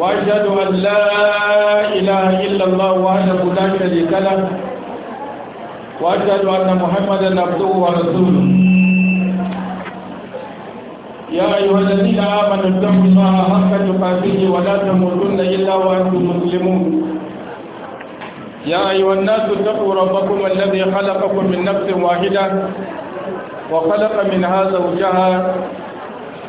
وأشهد أن لا إله إلا الله وحده لا شريك له وأشهد أن محمدا عبده ورسوله يا أيها الذين آمنوا اتقوا الله حق تقاته ولا تموتن إلا وأنتم مسلمون يا أيها الناس اتقوا ربكم الذي خلقكم من نفس واحدة وخلق منها زوجها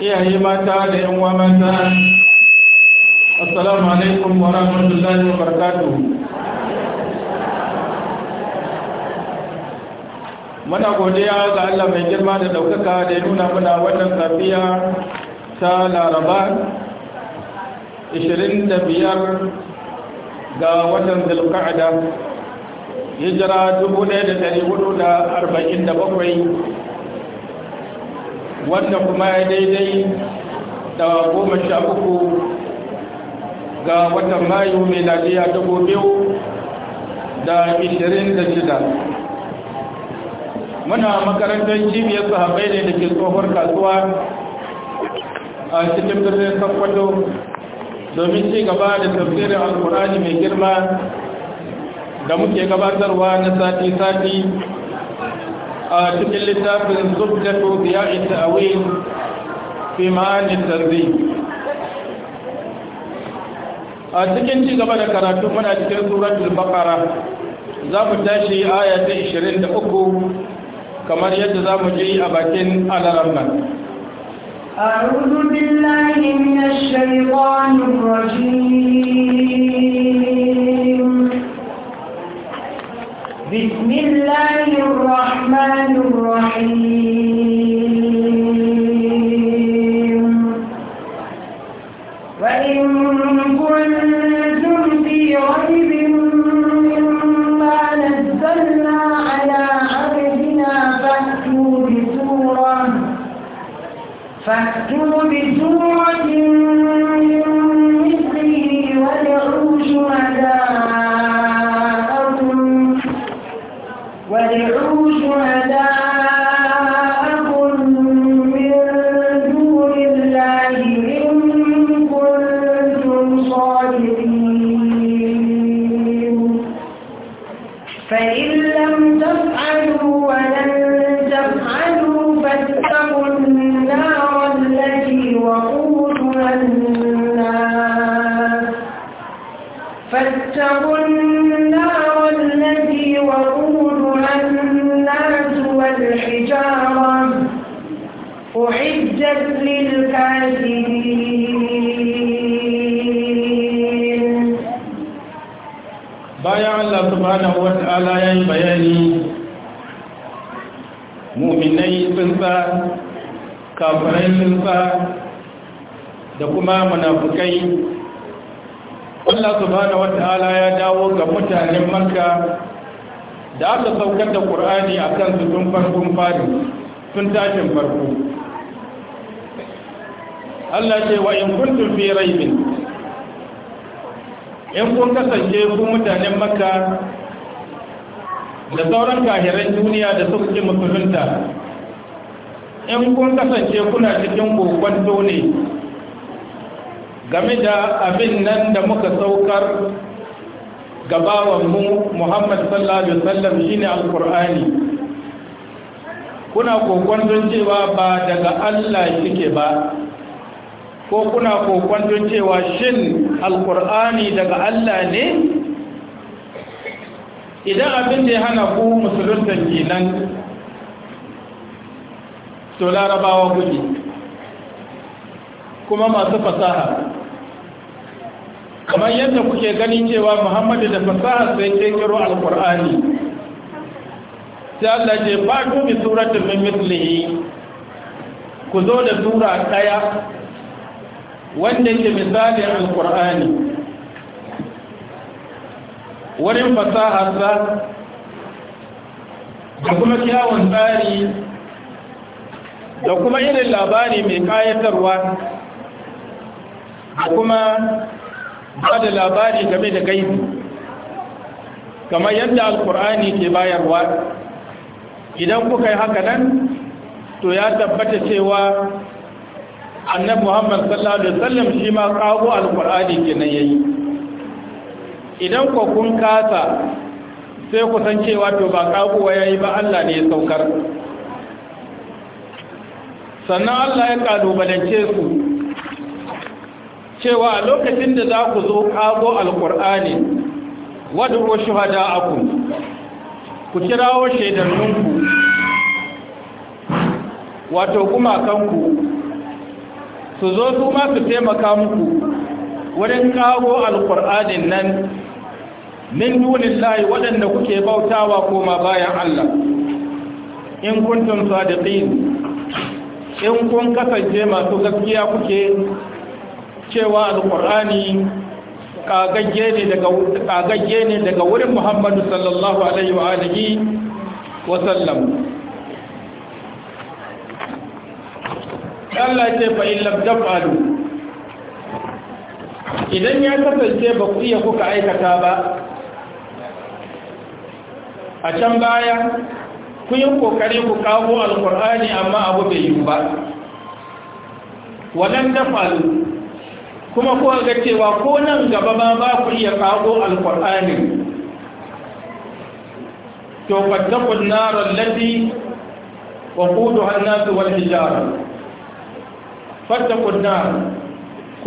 iyaye mata da yan uwa mata assalamu alaikum wa rahmatullahi wa barakatuh muna godiya ga Allah mai girma da daukaka da ya nuna muna wannan safiya ta Laraba 25 ga watan Zulqa'da hijira 1447 wanda kuma ya daidai da goma sha uku ga watan mayu mai lafiya ta biyu da ishirin da shida muna makarantar cibiyar sahabai ne da ke tsohon kasuwa a cikin birnin sakwado domin ci gaba da tafsirin alkurani mai girma da muke gabatarwa na sati-sati a cikin littafin zubdatu biya'i a fi ma'ani tarbi a cikin ci gaba da karatu muna cikin suratul baqara za mu tashi aya ta 23 kamar yadda za mu ji a bakin alaramman أعوذ بالله من الشيطان الرجيم بسم الله الرحمن الرحيم وإن كنتم في ريب مما نزلنا على عبدنا فأتوا بسورة فأتوا بسورة saukar da ƙur'ani a kansu tun farkon fari tun tashin farko Allah ce wa in kuntum fi raibin in kun kasance ku mutanen makka da sauran kahiran duniya da suka ci musulunta in kun kasance kuna cikin kokwanto ne game da abin nan da muka saukar gabawan mu Muhammad sallallahu alaihi wasallam shine alqur'ani kuna kokon cewa ba daga Allah yake ba ko kuna kokon cewa shin alqur'ani daga Allah ne idan abin da ya hana ku musulunta kenan to larabawa kuke kuma masu fasaha kamar yadda kuke gani cewa muhammadu da fasaha sai kirkiro alkur'ani sai Allah ce ba ku bi suratul ku zo da tura ɗaya. wanda ke misalin alkur'ani wurin fasaharsa da kuma kyawun tsari da kuma irin labari mai kayatarwa da kuma ba da labari game da gaibi kamar yadda alkur'ani ke bayarwa idan kuka yi haka nan to ya tabbata cewa annabi muhammad sallallahu alaihi wasallam shi ma kawo alkur'ani kenan yayi idan ku kun kasa sai ku san cewa to ba kagowa yayi ba Allah ne ya saukar sannan Allah ya kalubalance su cewa lokacin da za ku zo kago alkur'ani wadda shuhada aku ku kirawo shaidanninku wato kuma kanku. su zo su ma su taimaka muku wurin kago Alƙur'ani nan min dunin layi waɗanda kuke bautawa koma bayan Allah in kuntum sadiqin in kun kasance masu gaskiya kuke cewa alƙur'ani ƙagagge ne daga wurin muhammadu sallallahu alaihi wa alihi wa sallam Allah ce fa illam taf'alu idan ya kasance ba ku iya kuka aikata ba a can baya ku yi kokari ku kawo alkur'ani amma abu bai yi ba wannan taf'alu kuma kuwa ga cewa ko nan gaba ma ba ku iya kago alkur'ani to fattakun narar lati wa kudu hannasu wal hijara fattakun nar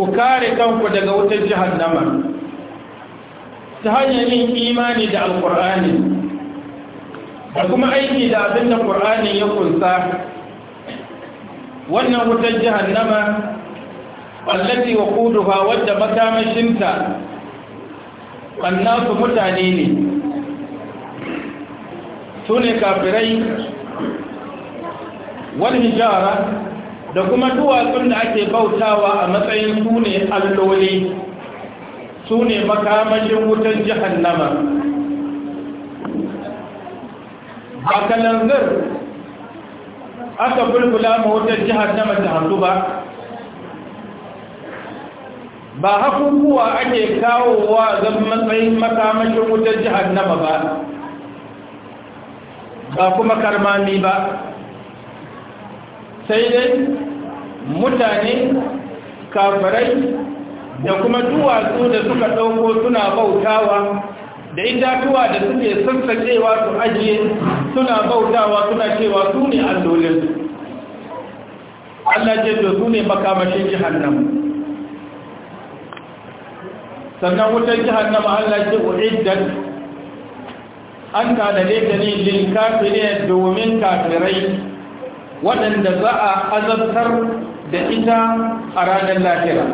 ku kare kanku daga wutar jahannama ta hanyar yin imani da alkur'ani da kuma aiki da abin da ƙur'ani ya kunsa wannan wutar jahannama allati waquduha wadda makamashinta su mutane ne su ne kafirai wani hijara da kuma duwatsun da ake bautawa a matsayin su ne alloli su ne makamashin wutan jihannama a kalanzir aka bulbula ma wutar jihannama ta hannu ba ba hakukuwa ake kawowa zan matsayin makamashin wutar jihannama ba ba kuma karmami ba sai dai mutane kafirai da kuma duwatsu da suka ɗauko suna bautawa da itatuwa da suke sassaƙewa su ajiye suna bautawa suna cewa su ne allolin Allah ce su ne makamashin jihannan sannan wutar jahannama Allah ce uiddat an tanade ta ne lil kafirin domin kafirai waɗanda za a azabtar da ita a ranar lahira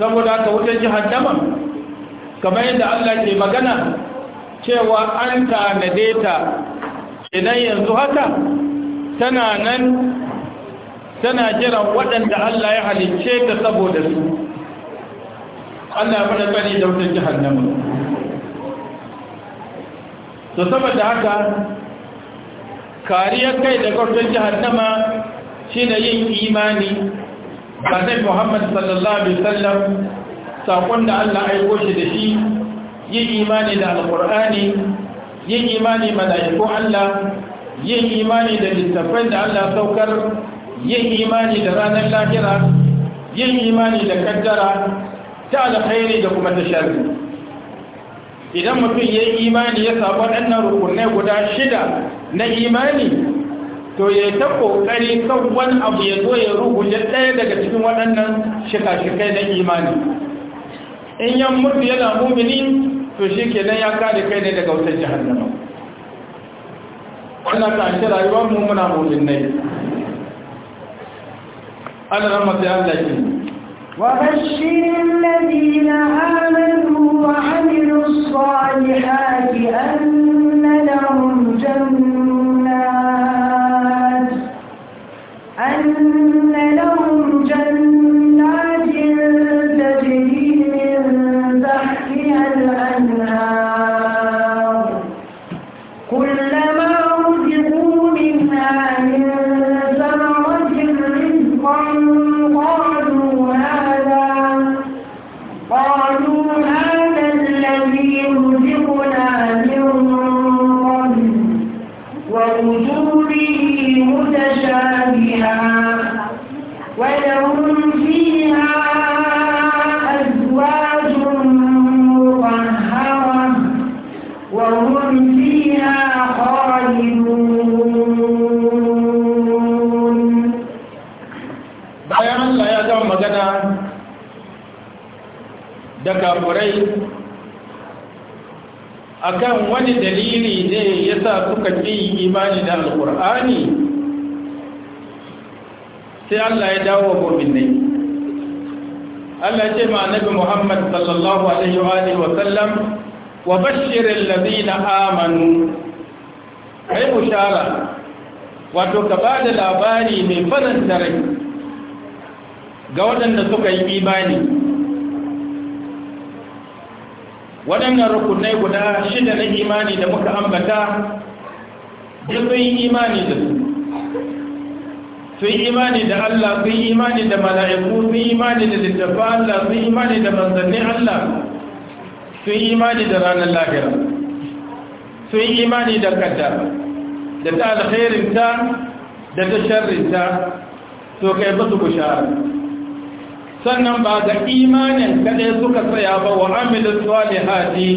saboda ka wutar jahannama kamar yadda Allah ke magana cewa an tanade ta idan yanzu haka tana nan tana jiran waɗanda Allah ya halicce ta saboda su Allah mana tsari da wutar jihannama to saboda haka kariyar kai daga wutar jihannama na yin imani ga nai Muhammad sallallahu alaihi wasallam sakon da Allah aiko shi da shi yin imani da Alƙur'ani, yin imani mala'iku Allah yin imani da littafin da Allah saukar yin imani da ranar lahira yin imani da kaddara ta alkhairi da kuma ta sharri idan mutum ya imani ya sabo waɗannan rukunai guda shida na imani to ya ta ƙoƙari kan wani abu ya zo ya rubuce ɗaya daga cikin waɗannan shika-shikai na imani in yan mutu yana mumini to shi ke nan ya kare kai ne daga wutar jihannama wannan shi rayuwar mu muna muminai أنا لما تعلم وبشر الذين آمنوا وعملوا الصالحات أن yasa suka ƙi imani da alƙur'ani sai Allah ya dawo wa mu'minai Allah ce ma annabi Muhammad sallallahu alaihi Wasallam, wa bashirin wa bashiril ladina amanu kai bushara wato ka ba da labari mai faranta rai ga waɗanda suka yi imani waɗannan rukunai guda shida na imani da muka ambata duk sun yi imani da su sun imani da Allah sun imani da mala'iku sun imani da littafa Allah sun imani da manzannin Allah sun imani da ranar lahira sun imani da kaddara da ta alherinta, da ta sharrinta to kai ba su ku bushara sannan ba ga imanin kaɗai suka tsaya ba wa amilin salihati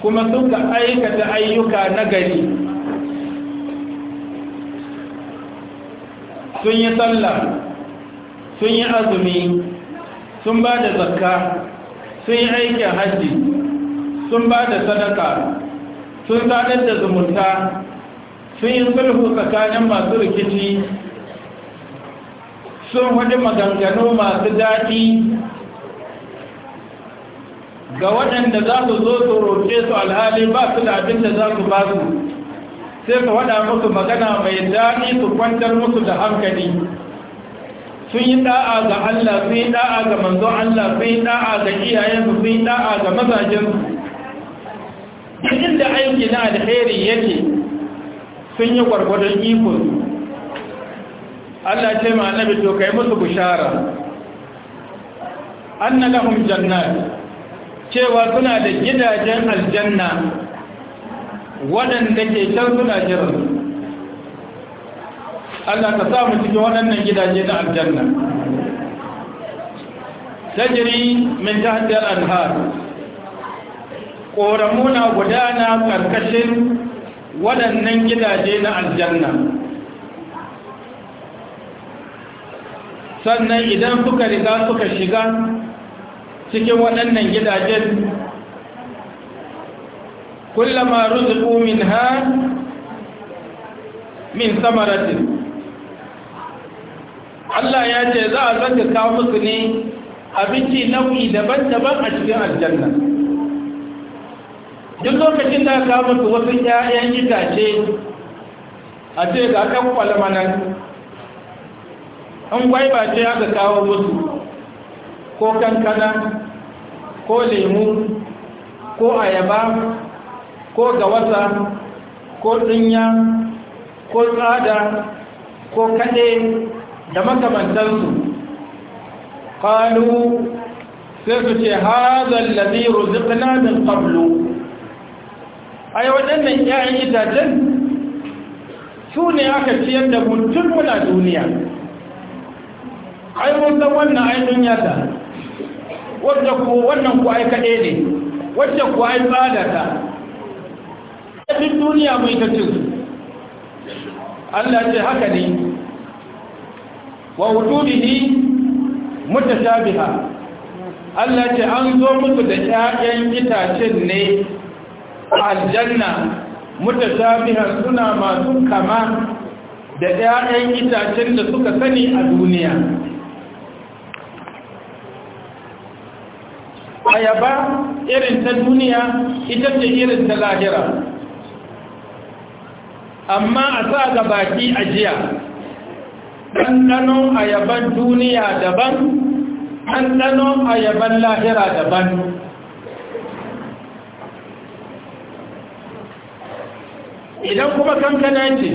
kuma suka aikata ayyuka na gari sun yi sallah sun yi azumi sun ba da zakka sun yi aikin hajji sun ba da sadaka sun sadar da zumunta sun yi sulhu tsakanin masu rikici sun hudu maganganu masu daɗi ga waɗanda za su zo su roƙe su alhali ba su da abin da za su ba su sai ka waɗa musu magana mai daɗi su kwantar musu da hankali sun yi ɗa'a ga Allah sun yi ɗa'a ga manzo Allah sun yi ɗa'a ga iyayensu sun yi ɗa'a ga mazajensu inda aiki na alheri yake sun yi gwargwadon ikonsu Allah ce ma annabi to kai musu bushara anna lahum jannat cewa suna da gidajen aljanna waɗanda ke can suna jira Allah ka sa mu cikin waɗannan gidaje na aljanna tajri min al anhar ƙoramuna gudana ƙarƙashin waɗannan gidaje na aljanna sannan idan suka riga suka shiga cikin waɗannan gidajen kullama ruzuku min ha min samaratin Allah ya ce za a zaka kawo musu ne abinci nau'i daban-daban a cikin aljanna duk lokacin da aka musu wasu 'ya'yan itace a ce ga kan kwalmanan An gwaiba ce aka kawo musu ko kankana ko lemu ko ayaba ko gawasa ko ɗinya ko tsada ko kaɗai da makamantansu kanu sai su ce hazan laziru zikina min a yi waɗannan ‘ya'yan itacen su ne aka ciyar da mutum muna duniya ai mun san wannan ai dunya ta wanda ku wannan ku ai kade ne wanda ku ai tsada ta duk duniya mai ta cin Allah ce haka ne wa wujudihi mutashabiha Allah ce an zo musu da ƴaƴan itacen ne aljanna mutashabiha suna masu kama da ƴaƴan itacen da suka sani a duniya ayaba irin ta duniya ita ce irin ta lahira amma a sa ga baki ajiya ɗanɗanon ayaban duniya daban ɗanɗanon ayaban lahira daban idan kuma kankana ce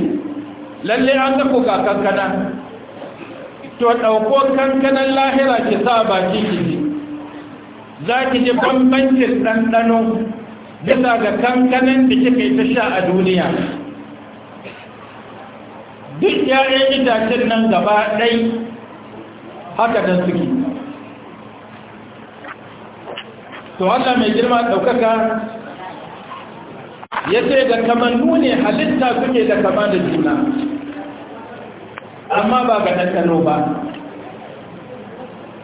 lalle an ga kuka kankana to ɗauko kankanan lahira ke sa baki ki za ki ji bambancin ɗanɗano bisa ga kankanin da kika yi ta sha a duniya duk ‘ya'yan itacen nan gaba ɗai haka don suke to haka mai girma ɗaukaka ya ce da kamannu ne halitta suke da kama da juna amma ba ga ɗanɗano ba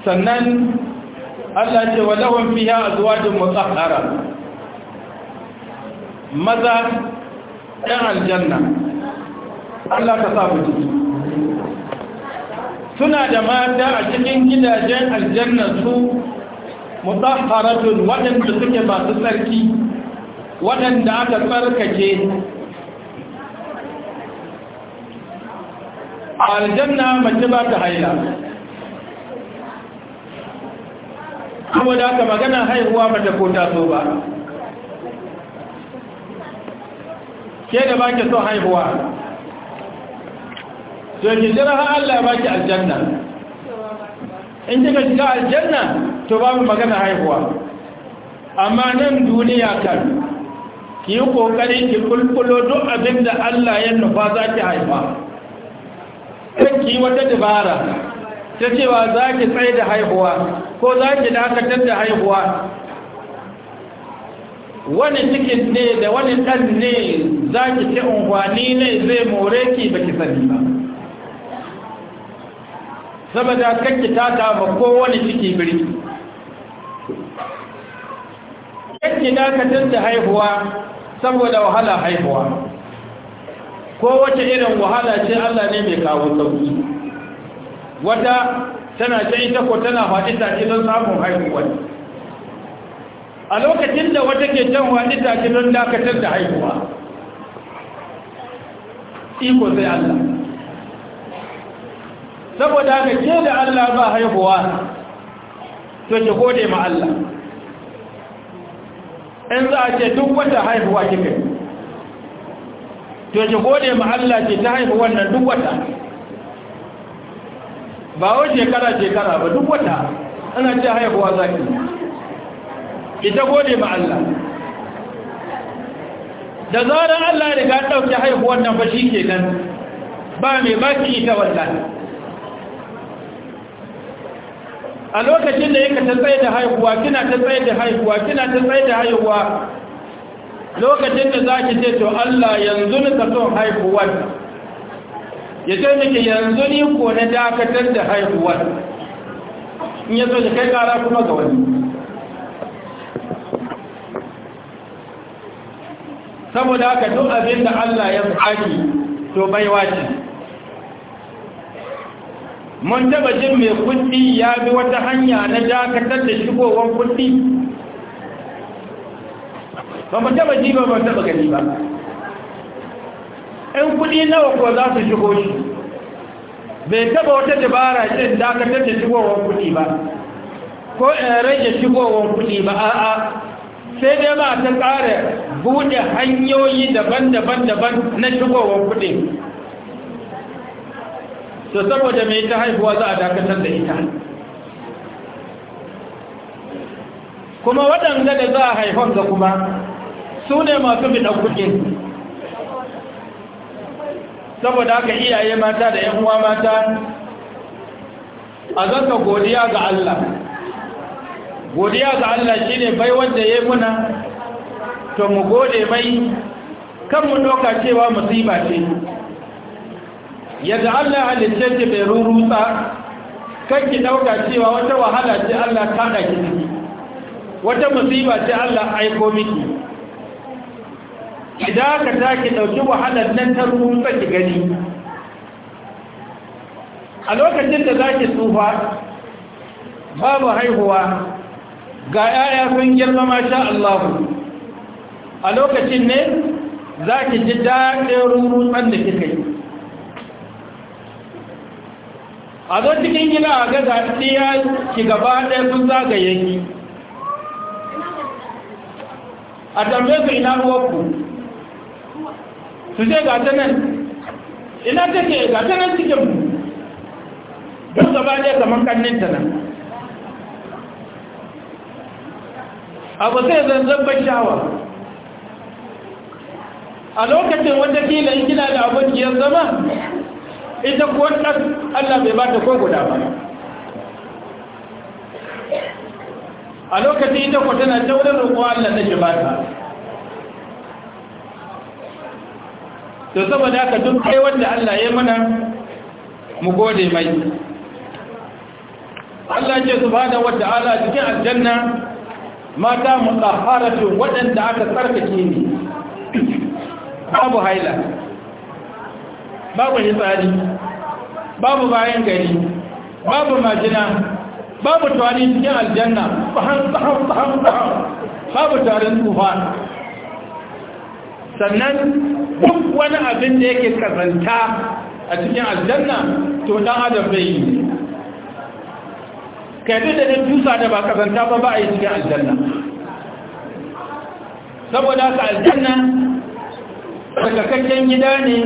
sannan Allah ce wa lahum fiha azwajun mutahhara maza ɗan aljanna Allah ka sa mu ji. suna da mata a cikin gidajen aljanna su mutahharatun waɗanda suke masu tsarki waɗanda aka tsarkake aljanna mace ba ta haila saboda haka magana haihuwa ba ta ko taso ba ke da ba ke so haihuwa to ki jira har Allah ba ki aljanna in kika shiga aljanna to babu magana haihuwa amma nan duniya kan ki yi kokari ki kulkulo duk abin da Allah ya nufa za ki haifa kan ki wata dabara ta cewa za ki tsaye da haihuwa ko za ki dakatar da haihuwa wani cikin ne da wani ɗan ne za ki ce unguwanni ne zai more ki ba ki sani ba saboda kakki tata ba wani ciki biri kakki dakatar da haihuwa saboda wahala haihuwa ko wace irin wahala ce allah ne mai kawo sauki wata tana ta ita ko tana faɗi take don samun haihuwa a lokacin da wata ke can faɗi take don dakatar da haihuwa iko sai Allah saboda haka ke da Allah ba haihuwa to ki gode ma Allah in za a ce duk wata haihuwa kika to ki gode ma Allah ce ta haihu wannan duk wata ba wai shekara shekara ba duk wata ana ce haihuwa zaki ita gode ma Allah da zaran Allah ga riga ɗauki haihuwar nan ke nan, ba mai baki ita wannan. a lokacin da yake tsaye da haihuwa kina ta tsaye da haihuwa kina ta tsaye da haihuwa lokacin da za ki ce to Allah yanzu ni ka son haihuwar ya ce nake yanzu ni ko na dakatar da haihuwar in ya zo da kai kara kuma ga wani saboda haka duk abin da Allah ya tsaki to bai wace mun taba jin mai kudi ya bi wata hanya na dakatar da shigowar kudi ba mu taba ji ba mun taba gani ba in kuɗi nawa ko za su shigo shi bai taba wata dabara cin dakatar da shigowar kuɗi ba ko rage shigowar kuɗi ba a'a sai dai ba ta tsara buɗe hanyoyi daban-daban daban na shigowar kuɗi su saboda mai ta haihuwa za a dakatar da ita kuma waɗanda da za a haifar ga kuma su ne masu bidan kuɗin saboda haka iyaye mata da yan uwa mata a zaka godiya ga Allah godiya ga Allah shine bai wanda yayi muna to mu gode mai kan mu doka cewa musiba ce yadda Allah halitta ce bai rurutsa kan ki dauka cewa wata wahala ce Allah ta dake ciki wata musiba ce Allah aiko miki ka ta ki ɗauki wahalar nan ta rubuta ki gani a lokacin da za ki tsufa babu haihuwa ga 'ya'ya sun girma masha Allahu a lokacin ne za ki ji daɗin rurutsan da kika yi a zo cikin gina a ga zaɗiya ki gaba ɗaya sun zagaye ki a tambayar su ina uwarku su ce ga ta nan ina ke ga ta nan cikin mu don gaba ne kamar kannin ta nan abu sai zanzan shawa a lokacin wanda kila in kina da abokiyar zama ita kuwa Allah bai ba ta ko guda ba a lokacin ita kuwa tana taurin roƙo Allah na shi ba ta to saboda haka duk kai wanda Allah ya mana mu gode mai Allah ce subhanahu wata'ala cikin aljanna mata mutahharatu waɗanda aka tsarkake ni babu haila babu hisari, babu bayan gari babu majina babu tawani cikin aljanna bahan bahan bahan babu tarin tufa sannan duk wani abin da yake kazanta a cikin aljanna to dan adam bai yi kai da nan tusa da ba kazanta ba ba a yi cikin aljanna saboda ka aljanna daga tsarkakakken gida ne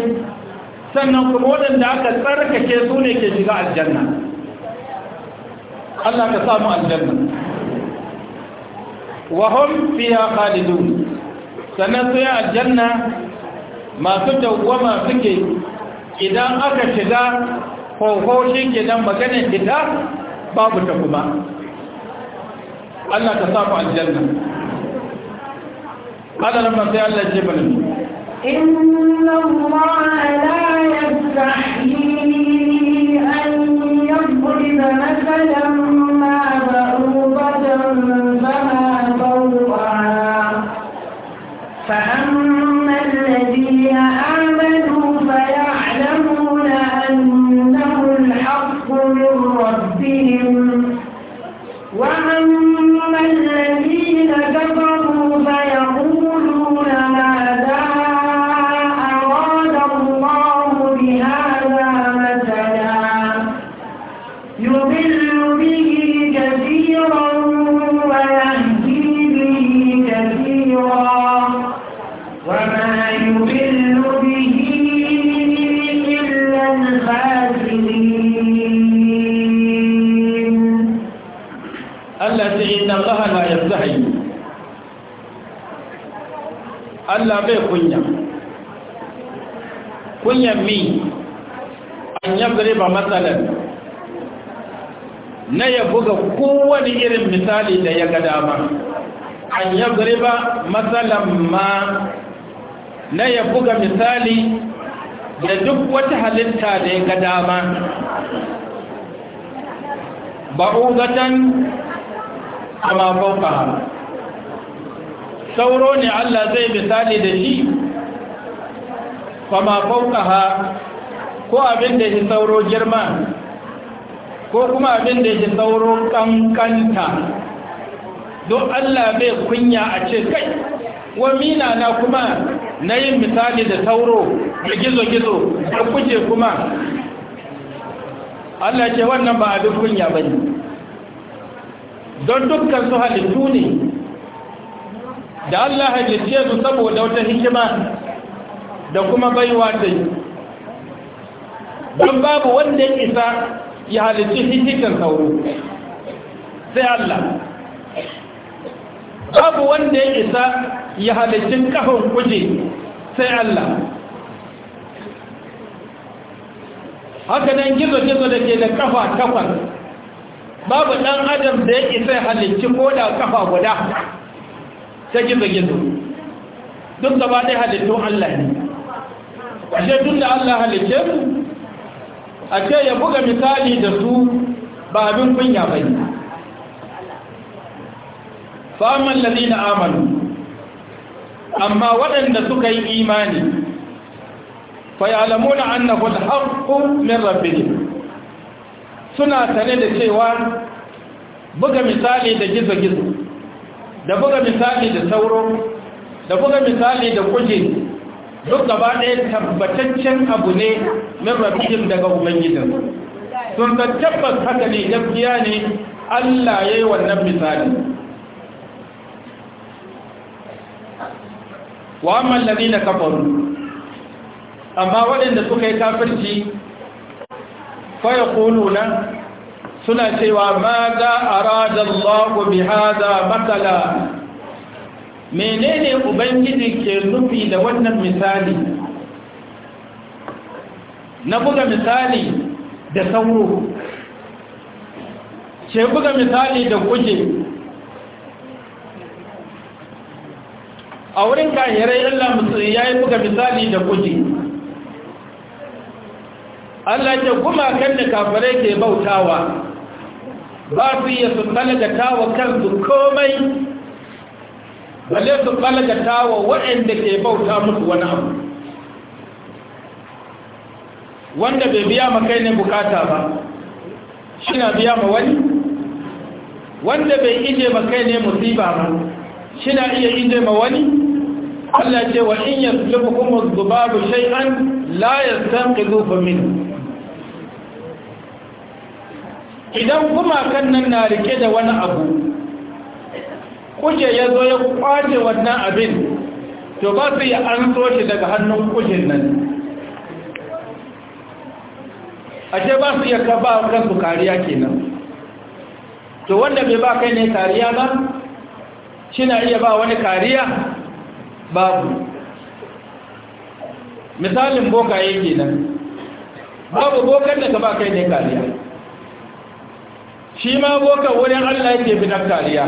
sannan kuma waɗanda aka tsarkake su ne ke shiga aljanna Allah ka samu aljanna wahum fiya khalidun sannan sai aljanna masu dawwama suke idan aka shiga kwaukwaushe gidan maganin fita babu ta kuma Allah ta safa aljanna Allah لما سيعلى الجبل إن الله لا يفتح Allah bai kunya kunyan mi an yabri ba matsalar na ya buga kowane irin misali da ya ga dama an yabri ba matsalar ma na ya buga misali da duk wata halitta da ya ga dama ba'ugatan amma fauka sauro ne Allah zai misali da shi fama ha ko abin da shi sauro girma ko kuma abin da shi sauro kankanta don Allah bai kunya a ce kai wa mina na kuma na yin misali da sauro da gizo-gizo da kuje kuma Allah ce wannan ba abin kunya ba don dukkan su halittu ne da Allah halitta su saboda wata hikima da kuma baiwa ta yi don babu wanda ya isa ya halicci hikikan sauro sai Allah babu wanda ya isa ya halicci kafin kuje sai Allah haka nan gizo-gizo da ke da kafa takwas babu ɗan adam da ya isa halitta ko da kafa guda ta gizo-gizo duk gaba ɗaya halittun Allah ne ashe tun da Allah halitte su a ce ya buga misali da su ba abin kunya ba ne faman lalina amalu amma waɗanda suka yi imani fayalamuna annahu alhaqqu min rabbihim suna tare da cewa buga misali da gizo-gizo da buga misali da sauro da buga misali da kuje duk gaba ɗaya tabbataccen abu ne min rabbihim daga ubangijin sun san tabbas haka ne gaskiya ne Allah ya yi wannan misali wa amman na kafaru amma waɗanda suka yi kafirci fa yaquluna suna cewa ma da arada lagu bi hada matsala. menene ubangiji ke nufi da wannan misali na buga misali da sauro ce buga misali da kuje a wurin kahirai Allah musulun ya yi buga misali da kuje Allah ke kuma kan da kafirai ke bautawa ba su iya su balagata wa kansu komai balle su balagata wa waɗanda ke bauta musu wani abu wanda bai biya ma kai ne bukata ba shi na biya ma wani wanda bai ije ma kai ne musiba ba shi na iya ije ma wani Allah ce wa in yaslubukum adh-dhubabu shai'an la san yastanqidhu minhu idan gumakan nan na rike da wani abu kuje ya zo ya kwace wannan abin to ba su yi an shi daga hannun kujin nan ashe ba su iya ba kansu kariya kenan to wanda bai ba kai ne kariya ba shi na iya ba wani kariya babu misalin yake nan, babu bokan da ka ba kai ne kariya shi ma boka wurin Allah yake bidan kariya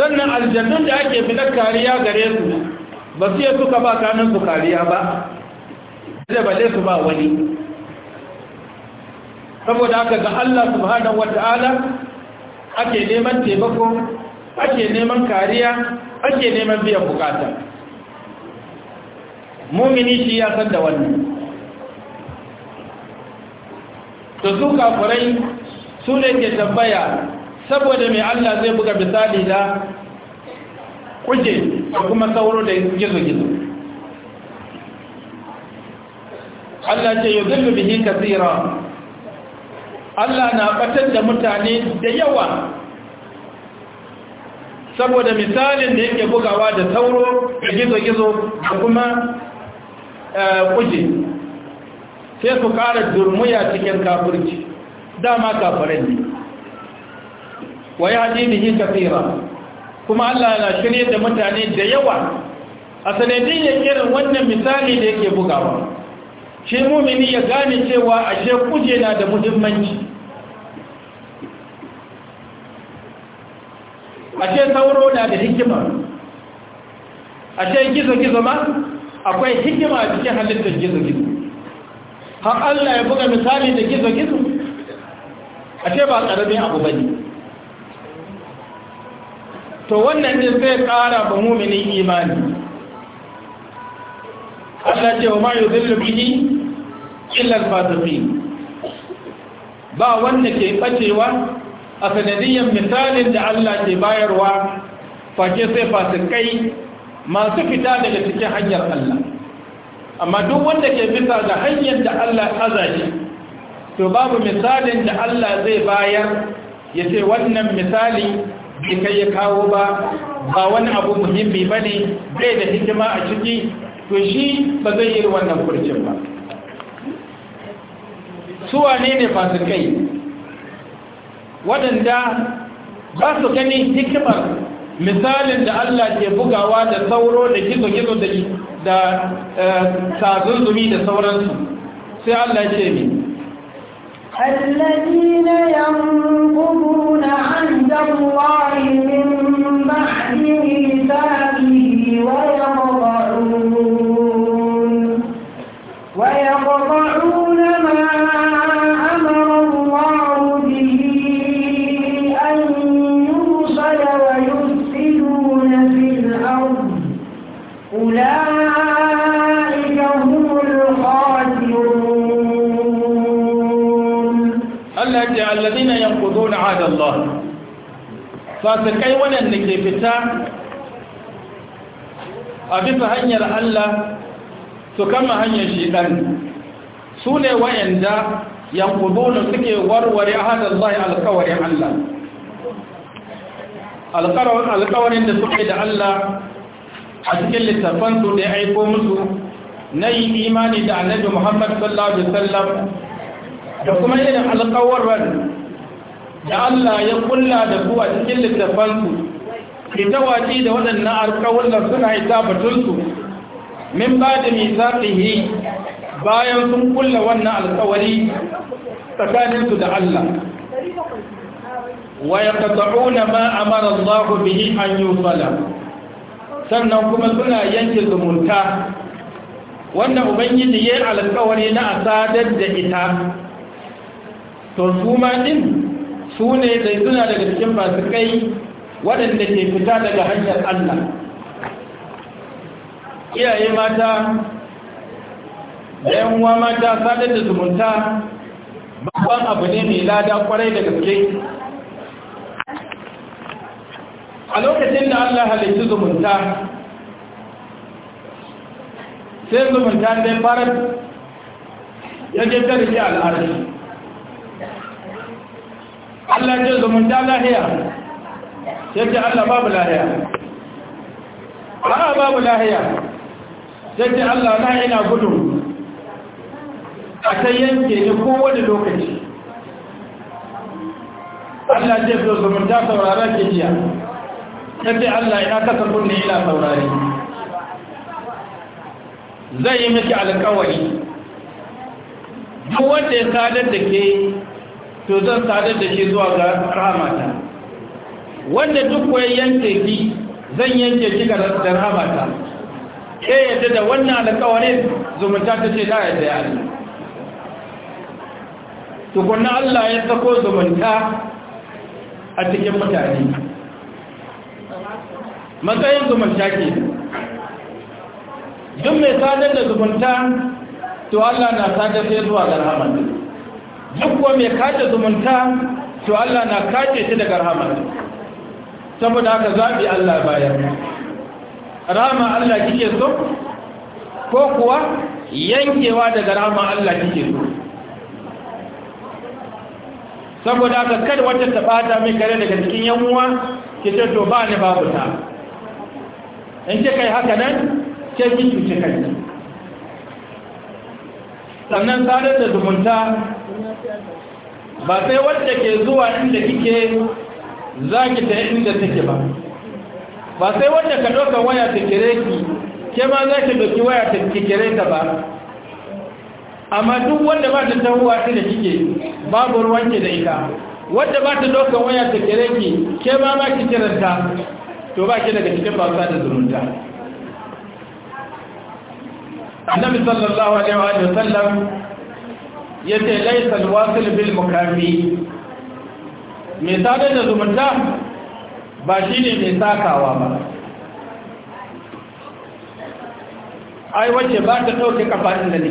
sannan aljannun da ake bidan kariya gare su ba su yi suka ba kanin su kariya ba da bale su ba wani saboda haka ga Allah subhanahu wata'ala ake neman taimako ake neman kariya ake neman biyan bukata mumini shi ya san da wannan to su kafirai su ne ke tambaya saboda mai Allah zai buga misali da kuje da kuma sauro da gizo-gizo Allah ce yi zullu bihi kasira Allah na batar da mutane da yawa saboda misalin da yake bugawa da sauro da gizo-gizo da kuma eh, kuje sai su ƙara durmuya cikin kafirci dama kafirin ne wa ya haɗi kafira kuma Allah na shirya da mutane da yawa a ya irin wannan misali da yake bugawa shi mumini ya gane cewa ashe kuje na da muhimmanci ashe sauro na da hikima ashe gizo-gizo ma akwai hikima a cikin halittar gizo-gizo har Allah ya buga misali da gizo-gizo a ce ba ƙaramin abu ba ne to wannan ne zai ƙara ba muminin imani Allah ce wa ma yi bihi illar fasifi ba wanda ke ɓacewa a sanadiyyar misalin da Allah ke bayarwa face sai fasikai masu fita daga cikin hanyar Allah amma duk wanda ke bisa ga hanyar da Allah aza to babu misalin da Allah zai bayar ya ce wannan misali bai kai ya kawo ba ba wani abu muhimmi ba ne bai da hikima a ciki to shi ba zai yi wannan kurcin ba suwa ne ne kai? waɗanda ba su gani hikimar misalin da Allah ke bugawa da sauro da gizo-gizo da eh, tazunzumi da sauransu sai Allah ce ne الذين na عهد الله من بعد ميثاقه ويرون na adallah fasikai waɗanda ke fita a bisa hanyar Allah su kama hanyar shiɗan su ne waɗanda yankubunu suke warware ahadallahi alkawarin Allah alkawarin da suke da Allah a cikin su da ya aiko musu na yi imani da annabi Muhammad sallallahu Alaihi wasallam da kuma irin alkawarin da Allah ya kulla da ku a cikin littafansu ke tawaci da waɗannan alƙawullan suna isa batunsu min ba da misafihi bayan sun kulla wannan alƙawari tsakaninsu da Allah wa ya kata'una ma amara Allah bihi an yusala sannan kuma suna yanke zumunta wannan ubangiji ya alƙawari na asadar da ita to su ma din su ne sai suna daga cikin kai waɗanda ke fita daga hanyar Allah iyaye mata da yan uwa mata sadar da zumunta babban abu ne mai lada kwarai da gaske a lokacin da Allah halittu zumunta sai zumunta zai fara ya je ta rike al'arshi Allah ce zumunta lahiya sai ce Allah babu lahiya a'a babu lahiya sai ce Allah na ina gudu a ta yanke ni kowane lokaci Allah ce zo zumunta saurara ke jiya sai ce Allah ina kasa kunne ina saurari zai yi miki alkawari duk wanda ya sadar da ke to zan sadar da shi zuwa ga rahamata wanda duk kuwa yanke ki zan yanke ki ga rahamata ke yadda da wannan alƙawarin zumunta ta ce da yadda ya Allah tukunna Allah ya tsako zumunta a cikin mutane matsayin zumunta ke duk mai sadar da zumunta to Allah na sadar da zuwa ga rahamata duk kuwa mai kace zumunta to Allah na kace shi daga rahama saboda haka zabi Allah bayar rahama Allah kike so ko kuwa yankewa daga rahama Allah kike so saboda haka kada wata ta bata mai kare daga cikin yan uwa ki ce to ba ne babu ta in ce kai haka nan ce ki ce kai sannan sadar da zumunta ba sai wadda ke zuwa inda kike za ki ta inda take ba ba sai wadda ka ɗauka waya ta kire ki ke ma za ki ɗauki waya ta kire ta ba amma duk wanda ba ta tawuwa inda da kike babu ruwanke da ita wadda ba ta ɗauka waya ta kire ki ke ma ba ki kiranta to ba ki daga cikin bauta da zurunta annabi sallallahu alaihi wa sallam ya ce laisal wasil bil mukami mai sadar da zumunta ba shi ne mai sakawa ba ai wacce ba ta ɗauke kafaɗin da ne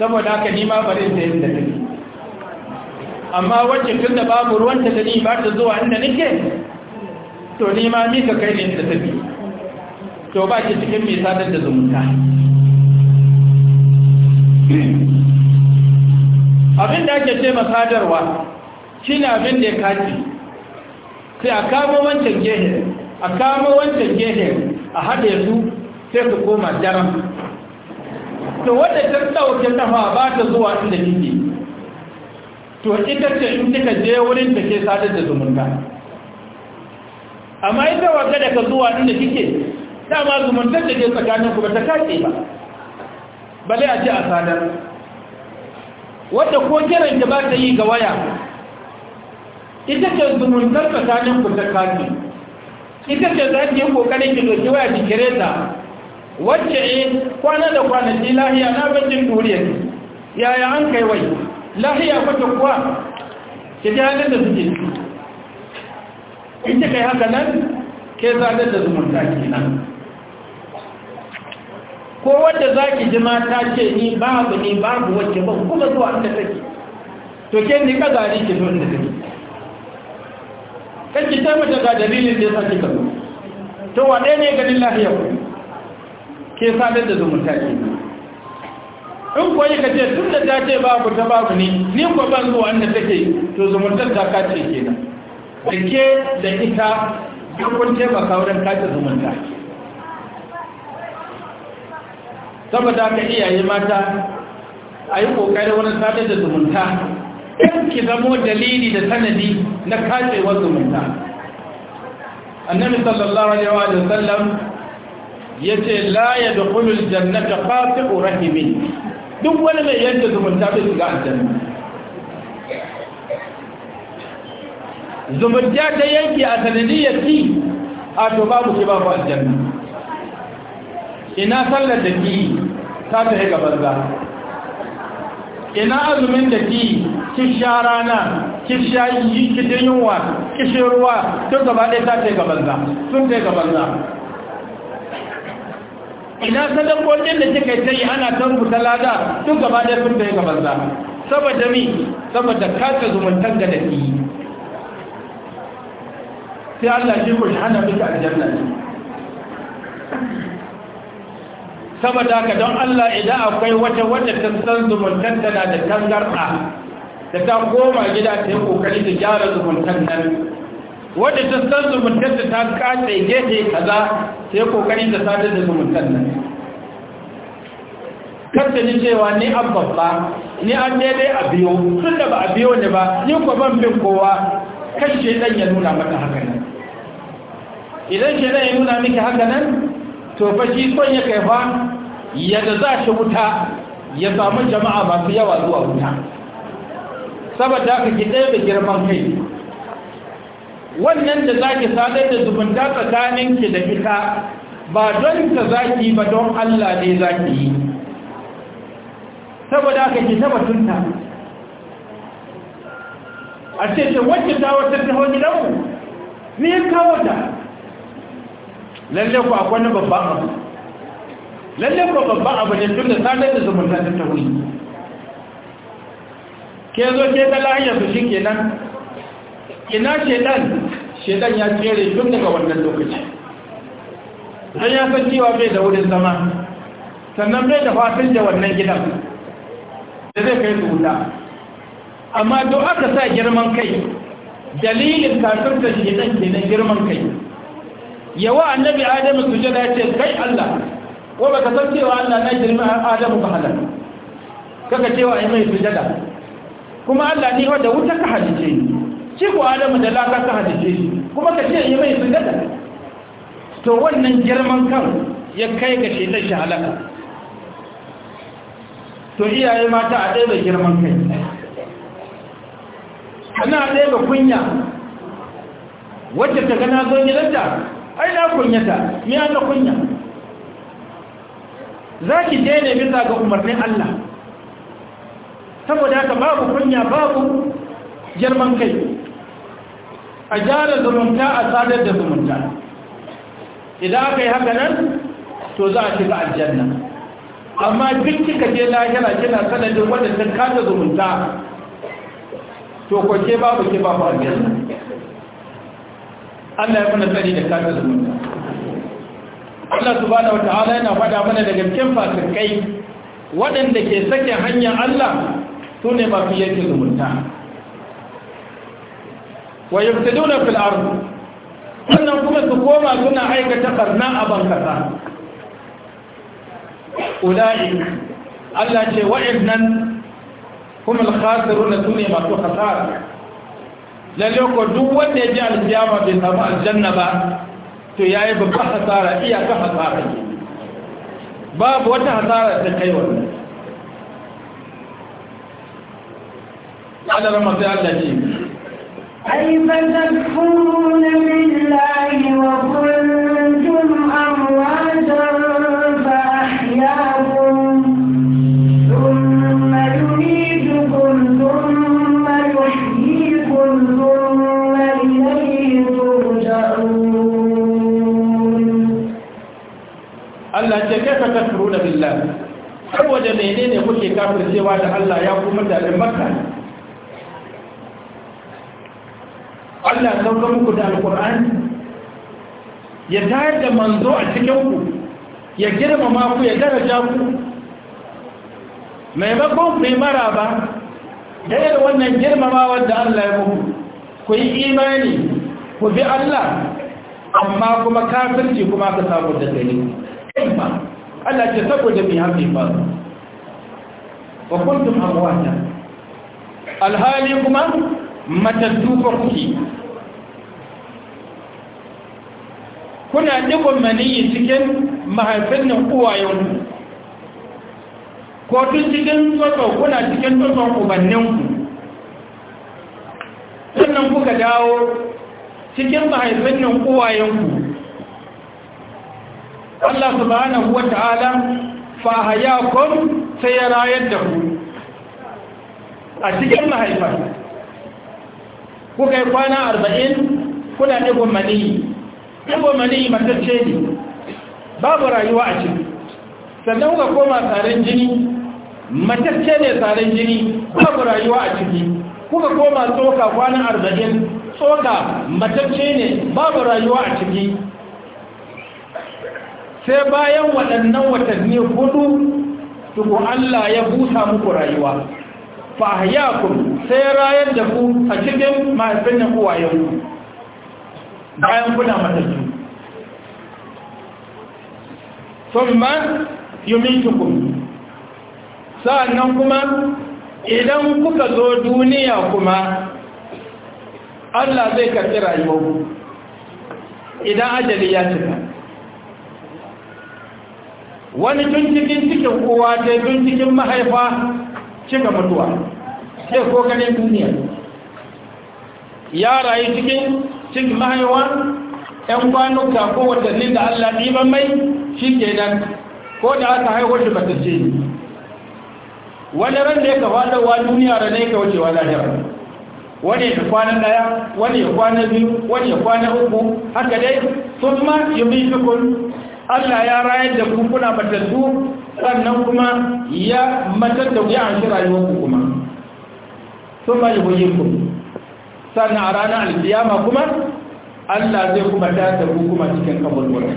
saboda haka nima bari ta yin da take amma wacce tun da babu ruwanta da ni ba ta zuwa inda nake to nima ka kai ne ta tafi to ba ki cikin mai sadar da zumunta abin da ake ce masadarwa shi ne abin da ya kaji sai a kamo wancan gehe a kamo wancan gehe a haɗe su sai su koma jaram to wadda ta ɗauke kafa ba ta zuwa inda kike to ita ce in kika je wurin da ke sadar da zumunta amma ita wanda da ka zuwa inda kike dama zumuntar da ke tsakanin ku ta kaki ba bale a ce a sadar wadda ko kiran da ba ta yi ga waya ita ce zumuntar tsakanin ku ta kafi ita ce za ki yi kokarin ki doki waya ki kire ta wacce e kwana da kwana, ji lahiya na duriya duriyar yaya an kai wai lahiya kwata kuwa ki ji halin da suke in kika yi haka nan ke zaɗar da zumunta nan. ko wanda za ki ji mata ce ni babu ni babu wacce ban kuma zuwa inda take to ke ni kaza ni ke don da take kan ki taimaka ga dalilin da ya kika zo to wa dai ne ganin lafiya ku ke sadar da zumunta ke in kuwa ka ce tun da ta ce babu ta babu ni ni ko ban zuwa inda take to zumunta ta ce kenan da ke da ita duk kun taimaka wurin kace zumunta ke saboda ka iyaye mata a yi ƙoƙari wani sadar da zumunta ɗan ki zamo dalili da sanadi na kacewar zumunta annabi sallallahu alaihi wa sallam ya ce la ya da hulul jannata fasi rahimi duk wani mai yadda zumunta bai shiga aljanna zumunta ta yanki a sanadiyyar ci a to babu ki babu aljanna ina sallar da ki ta ta ga banza ina azumin da ki ki sha rana ki sha yi ki yunwa ki ruwa duk gaba ɗaya ta ta ga banza sun ta ga banza ina sadakokin da kika yi ana ta rubuta lada duk gaba ɗaya sun ta ga banza saboda mi saboda kaka zumuntan ga da ki sai Allah shi ku shi hana a aljanna saboda ka don Allah idan akwai wata wata ta san zumuntar tana da tangarɗa da ta koma gida ta yi kokari da gyara zumuntar nan wadda ta san zumuntar ta ta kace gefe kaza ta yi kokari ta sadar da zumuntar nan kanta ni cewa ni an babba ni an daidai a biyo tun da ba a biyo ne ba ni ko ban bin kowa kan shedan ya nuna mata haka nan idan shi ya nuna miki haka nan to fa shi son ya kai fa yadda za shi wuta ya samu jama'a masu yawa zuwa wuta saboda ka ki ɗaya da girman kai wannan da za ki sadar da zumunta tsakaninki da ita ba don ta za ki ba don Allah ne za ki yi saboda ka ki taba tunta a ce ce wacce ta wata ta hau gidanmu ne ya kawo ta lalle ku akwai na babban abu lalle ku babban abu ne tun da sadar da zumunta ta tauri ke zo ke ta lahiyar su shi kenan ina shedan shedan ya tsere tun daga wannan lokaci don ya san cewa bai da wurin zama sannan bai da fatan da wannan gidan da zai kai tsuta amma don aka sa girman kai dalilin kafin da shedan kenan girman kai yawa annabi adamu sujada ya ce kai Allah ko baka san cewa Allah na girma adamu ba halal kaka cewa ai mai sujada kuma Allah ne wanda wuta ka hadice shi ko adamu da laka ka shi, kuma ka ce ai mai sujada to wannan girman kan ya kai ga shi da shalaka to iyaye mata a ɗaya bai girman kai ana ɗaya ba kunya wacce ta gana zo gidanta ai na kunyata me an da kunya za ki je ne bisa ga umarnin Allah saboda haka babu kunya babu girman kai a jara zumunta a sadar da zumunta idan aka yi haka nan to za a shiga aljanna amma duk kika je lahira kina sanadin wadda ta kada zumunta to kwace babu ke babu aljanna Allah ya mana tsari da kafin zumunta Allah subhanahu wata ta'ala yana faɗa mana daga cikin fasikai waɗanda ke sake hanyar Allah su ne mafi yake zumunta wa yabtaduna fil ard wannan kuma su koma suna aikata barna a bankasa ulai Allah ce wa'annan kuma al na su ne masu khasara lalle ko duk wanda ya ji alkiyama bai samu aljanna ba to yayi babban hasara iyaka hasara ne babu wata hasara ta kai wannan على رمضان الذي أي فتكفرون بالله وكنتم أرض billah saboda menene kuke cewa da Allah ya kuma da Makka Allah sauka muku da alqur'ani ya tayar da manzo a cikin ku ya girmama ku ya daraja ku maimakon ku yi maraba da irin wannan girmamawa da Allah ya muku ku yi imani ku bi Allah amma kuma kafirci kuma ka samu da gani Allah ce saboda mai haka ba wa kuntum ta. alhali kuma matattu ba kuke kuna ɗigon maniyi cikin mahaifin nan uwayenku ko tun cikin tsotso kuna cikin tsotson ku. sannan kuka dawo cikin mahaifin nan uwayenku Allah subhanahu wa ta'ala fa hayakum sai ya rayar da ku a cikin mahaifar kuka yi kwana arba'in kuna ɗigon maniyi ɗigon maniyi matacce ne babu rayuwa a ciki sannan kuka koma tsarin jini matacce ne tsarin jini babu rayuwa a ciki kuka koma tsoka kwanan arba'in tsoka matacce ne babu rayuwa a ciki sai bayan waɗannan watanni hudu tuku Allah ya busa muku rayuwa fa ku sai rayar da ku a cikin mahaifin ku bayan kuna matattu ku. yumitukum sa'annan kuma idan kuka zo duniya kuma Allah zai karɓi rayuwa idan ajali ya cika wani tun cikin cikin kowa ce tun cikin mahaifa cika mutuwa sai ko ganin duniya ya rayu cikin cikin mahaifa ‘yan kwanuka ko watanni da Allah ɗiban mai shi nan, ko da aka haihu shi ta ce wani ran da ya ka faɗawa duniya da ne ka wucewa lahira wani ya kwana ɗaya wani ya kwana biyu wani ya kwana uku haka dai sun ma yi bi tukun Allah ya rayar da ku kuna matattu sannan kuma ya matar da ku ya anshi rayuwar ku kuma sun ba yi ku sannan a ranar alkiyama kuma Allah zai kuma ta da ku kuma cikin kaburburan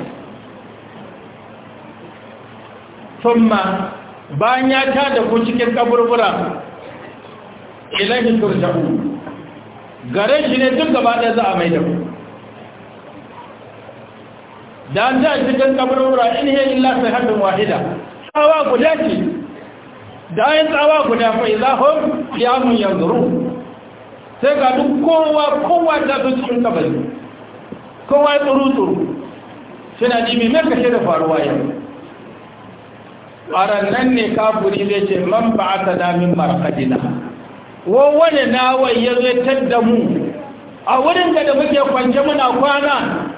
Tumma, bayan ya ta da ku cikin kaburbura ilahi turjahu, gare shi ne duk gaba da za a mai da ku da an ja'a cikin kaburbura in hiya illa sayhatun wahida tsawa guda ce da ayin tsawa guda fa idza hum qiyamun yanzuru sai ga duk kowa kowa da su cikin kabari kowa tsuru tsuru suna ji mai mai kashe da faruwa yau a nan ne kafuri zai ce man ba a ta damin markadina wawane nawa ya zai tadda mu a wurin da da muke kwance muna kwana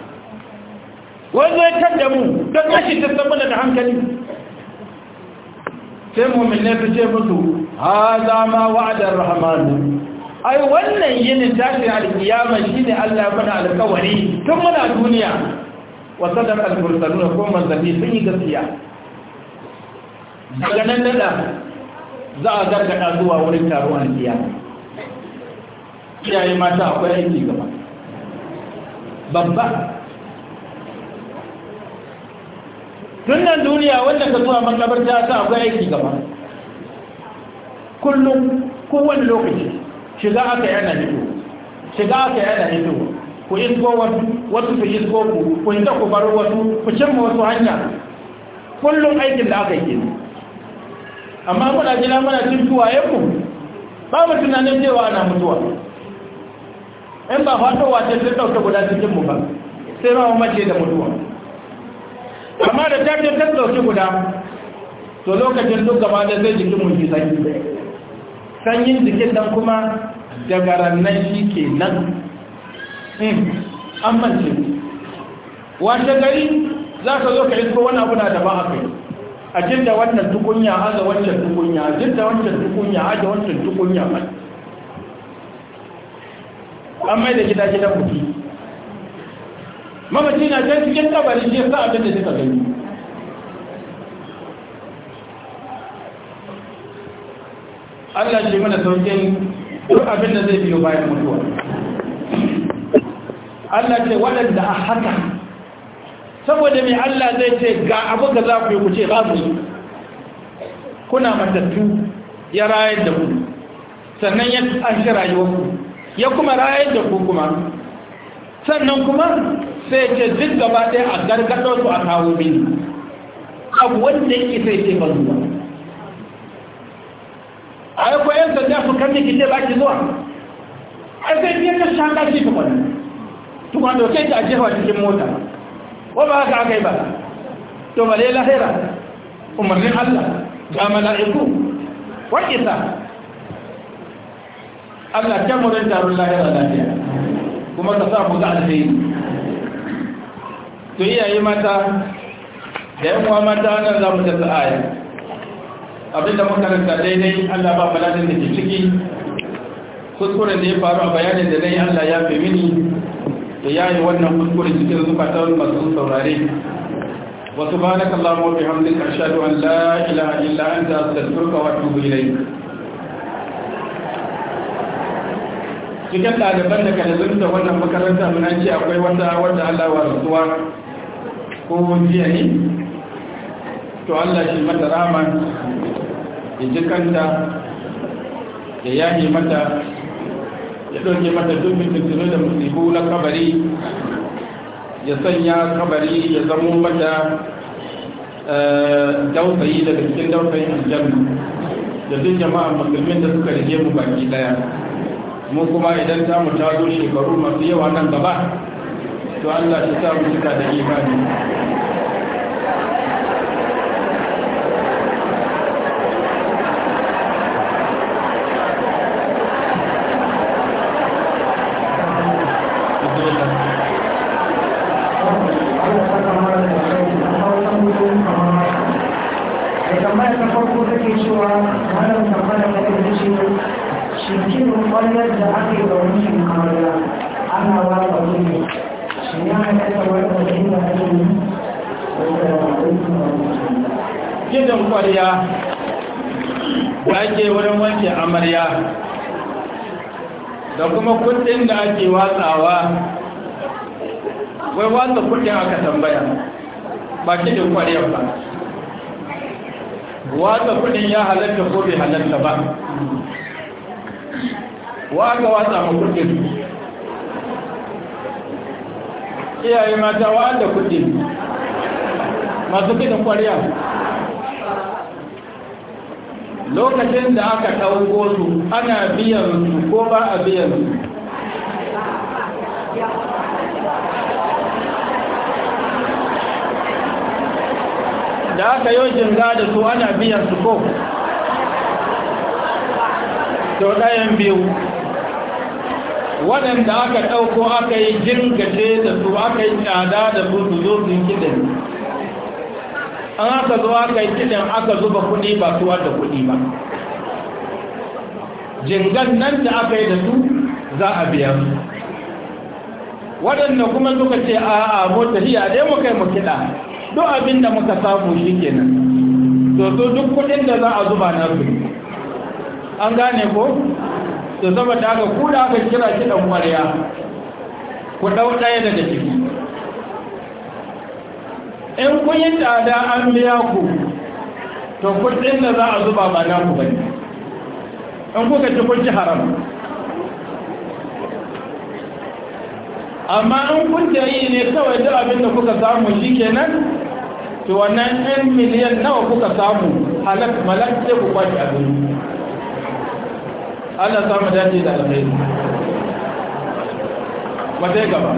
wanda ya kada mu don kashi ta saboda da hankali sai mummune su ce musu ha zama wa'adar rahamanu ai wannan yinin tashin alkiyama shi ne allah mana alkawari tun muna duniya wasadar alkursalu da kuma zafi sun yi gaskiya daga nan dada za a gargada zuwa wurin taron alkiyama iyaye mata akwai aiki gaba babba tun nan duniya wanda ka zuwa makabar ta akwai aiki gaba kullum kowane lokaci shiga aka yana hito shiga aka yana hito ku isko wasu ku isko ku ku yi ku bar wasu ku cimma wasu hanya kullum aikin da aka yi amma muna jina muna cin tuwayenmu ba mu tunanin cewa ana mutuwa in ba fatowa ce ta ɗauke guda mu ba sai ma mace da mutuwa amma da ta ce ta dauki guda to lokacin duk gaba da zai jikin mun fi sanyi sanyin jikin nan kuma da garannan shi ke nan hmm, an mance washe gari za ka zo ka isko wani abu na da ba a kai a jinda wannan tukunya aza wancan tukunya a da wancan tukunya aza wancan tukunya mai an mai da gida gidan mutum mamaci na can cikin kabari shi sa abin da suka gani Allah shi mana saukin duk abin da zai biyo bayan mutuwa Allah ce waɗanda a haka saboda mai Allah zai ce ga abu ga za ku yi kuce ba su kuna matattu ya rayar da ku sannan ya an shi ku? ya kuma rayar da ku kuma sannan kuma sai ce duk gaba ɗaya a gargaɗo su a kawo mini abu wanda yake sai ce ba zuwa a yi koyar da za su kan yake ce ba ki zuwa a sai biyar da shaka ce ta kwanu tuma ɗauke ta a jefa cikin mota ko ba haka aka yi ba to ba lai lahira umarnin allah ga mala'iku wani isa allah ta murin taron lahira lafiya kuma ka sa mu ga alheri to iyaye mata da yan kuwa mata nan za mu tafi aya abinda muka karanta daidai Allah ba baladin da ke ciki kuskuren da ya faru a bayanin da nayi Allah ya fi mini da ya yi wannan kuskure cikin wani masu saurare na subhanaka mafi wa bihamdika ashhadu an la ilaha illa anta astaghfiruka wa atubu ilai. cikin ɗaliban da ka zurta wannan makaranta muna ce akwai wata wadda Allah wa rasuwa ko jiya ne to Allah shi mata rama ya ji kanta ya yaye mata ya ɗauke mata dukkan tuntunu da musibu na kabari ya sanya kabari ya zamo mata eh, dausayi daga cikin dausayin aljanna da duk jama'a musulmin da suka rige mu baki daya mu kuma idan ta mu ta zo shekaru masu yawa nan gaba to Allah shi sa mu cika da imani tambaya ta farko take cewa malam tambaya ta kai ce shi kin da wani ana wata gidan kwarya da ake wurin wanke amarya da kuma kudin da ake watsawa wai watsa kudin aka tambaya ba gidan kwarya ba watsa kudin ya halatta ko bai halatta ba wa aka watsa ma kudin iyaye mata wa'anda kuɗi masu kiɗin ƙwariya lokacin da aka ɗauko su ana biyan su ko ba a biyan su da aka yi da su ana biyan su ko sau ɗayan biyu waɗanda aka ɗauko aka yi jirgace da su aka yi tsada da su su zo su kiɗin an aka zo aka yi kiɗin aka zuba kuɗi ba su wata kuɗi ba jingan nan da aka yi da su za a biya su waɗanda kuma suka ce a a mota hiya dai mu kai mu kiɗa duk abin da muka samu shi kenan to duk kuɗin da za a zuba na su an gane ko to saboda haka ku da aka kira shi dan ƙwarya ku dau daya daga ciki in kun yi tsada an biya ku to kuɗin da za a zuba ba na ku bane in kuka ci kun ci haram amma in kun ta yi ne kawai da abin da kuka samu shi kenan to wannan 'yan miliyan nawa kuka samu halak malak sai ku kwaci abin Allah ta mu dace da alheri wata ya gaba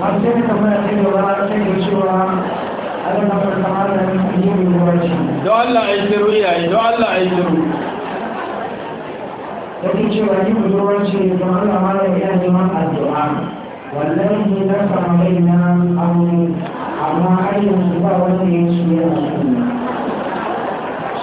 masu yin kamar da gaba a cikin cewa Allah na farkama da yin ruwaci don Allah a yi shiru iyaye don Allah a yi shiru yake cewa yin ruwaci don Allah ma da yana neman addu'a wallahi na samu rai na aure amma har yanzu ba wanda ya shi yana suna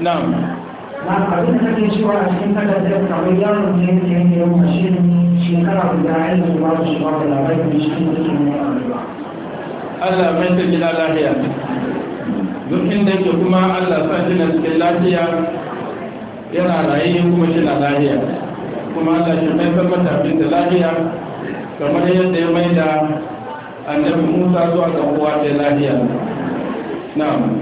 na'am na abin da ke cewa a cikin da takardar kamar yaron ne da yake yau mashin shekara guda ya yi ba shi ba da labarin da shi ne ke nuna Allah mai ta gida lafiya duk inda yake kuma Allah sa shi na cikin lafiya yana raye kuma shi na lafiya kuma Allah shi mai san matafin da lafiya kamar yadda ya mai da annabi Musa zuwa ga uwa da lafiya na'am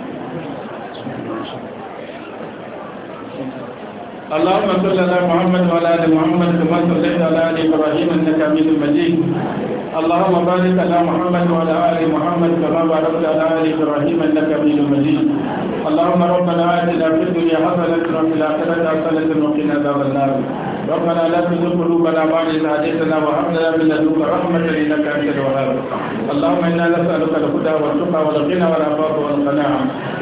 اللهم صل على محمد وعلى ال محمد كما صليت على ال ابراهيم انك حميد مجيد اللهم بارك على محمد وعلى ال محمد كما باركت على ال ابراهيم انك حميد مجيد اللهم ربنا اتنا في الدنيا حسنه وفي الاخره حسنه وقنا عذاب النار ربنا لا تزغ قلوبنا بعد إذ هديتنا وهب لنا من لدنك رحمة إنك أنت الوهاب اللهم إنا نسألك الهدى والتقى والغنى والعفاف والقناعة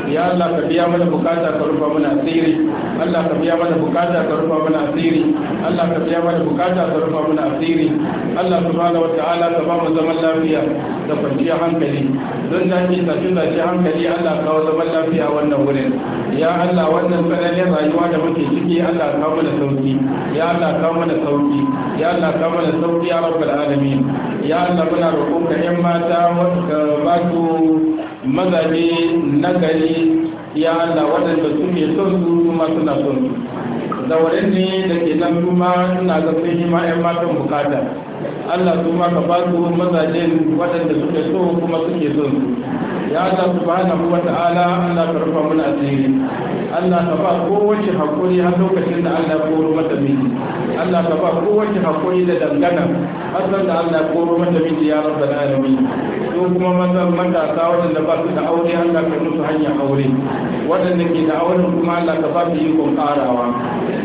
ya Allah ka biya mana bukata ka rufa mana asiri Allah ka biya mana bukata ka rufa mana asiri Allah ka biya mana bukata ka rufa mana asiri Allah subhanahu wataala ka ba mu zaman lafiya da kwanciyar hankali don zaki tafi zaki hankali Allah ka kawo zaman lafiya wannan wurin ya Allah wannan tsananin rayuwa da muke ciki Allah ka mana sauki ya Allah ka mana sauki ya Allah ka mana sauki ya rabbal alamin ya Allah muna roƙon ka ƴan mata wanda ba su mazaje na ya da waɗanda suke son su kuma suna son su zaurin ne da ke nan kuma suna ga sun yi ma 'yan matan bukata Allah su ma ka ba su mazaje waɗanda suke so kuma suke son su ya Allah na kuma ta'ala Allah ka rufa mana asiri Allah ka ba kowace hakuri har lokacin da Allah koro mata miji Allah ka ba kowace hakuri da dangana har da Allah koro mata miji ya da alamin su kuma matasa waɗanda ba su da aure Allah ka musu hanyar aure waɗanda ke da auren kuma Allah ka ba su yi kun karawa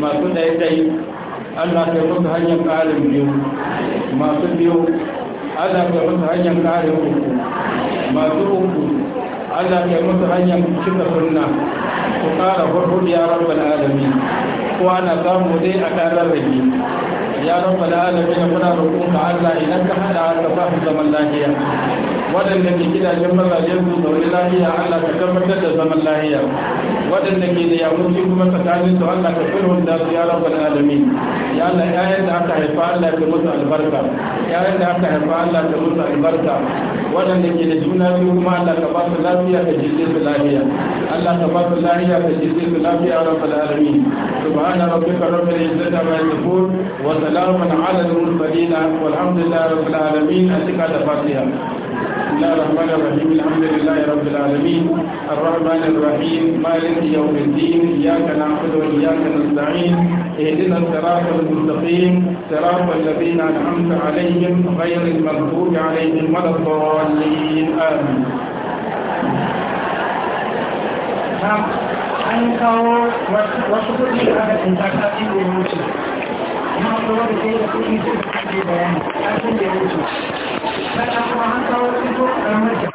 masu ɗaya ɗaya Allah ka musu hanyar ƙarin biyu masu biyu Allah ka musu hanyar ƙarin uku masu uku Allah ka musu hanyar cika sunna ku kara hurhuɗi ya rabbal alamin ko ana samu dai a ƙarar rage ya rabbal alamin muna roƙon ka Allah idan ka hada ka ba zaman lafiya waɗanda ke gidajen mazajen su zaune lahiya Allah ka tabbatar da zaman lahiya waɗanda ke da yamuci kuma tsakanin su Allah ka firhun da su ya rabbal alamin ya Allah ƴaƴan da aka haifa Allah ka musu albarka ƴaƴan da aka haifa Allah ka musu albarka waɗanda ke da juna biyu kuma Allah ka ba su lafiya ka jinde su lafiya Allah ka ba su lafiya ka jinde su lafiya ya rabbal alamin subhana rabbika rabbil izzati amma yasifun wa salamun ala al mursalin والحمد لله رب العالمين أتكى تفاتيها بسم الله الرحمن الرحيم الحمد لله رب العالمين الرحمن الرحيم مالك يوم الدين اياك نعبد واياك نستعين اهدنا الصراط المستقيم صراط الذين انعمت عليهم غير المغضوب عليهم ولا الضالين امين an kawo wasu kudi da aka tsinta na kuma da kai da kuɗi duk da bayani a kan da ya wuce. Sannan kuma an kawo ido a ramar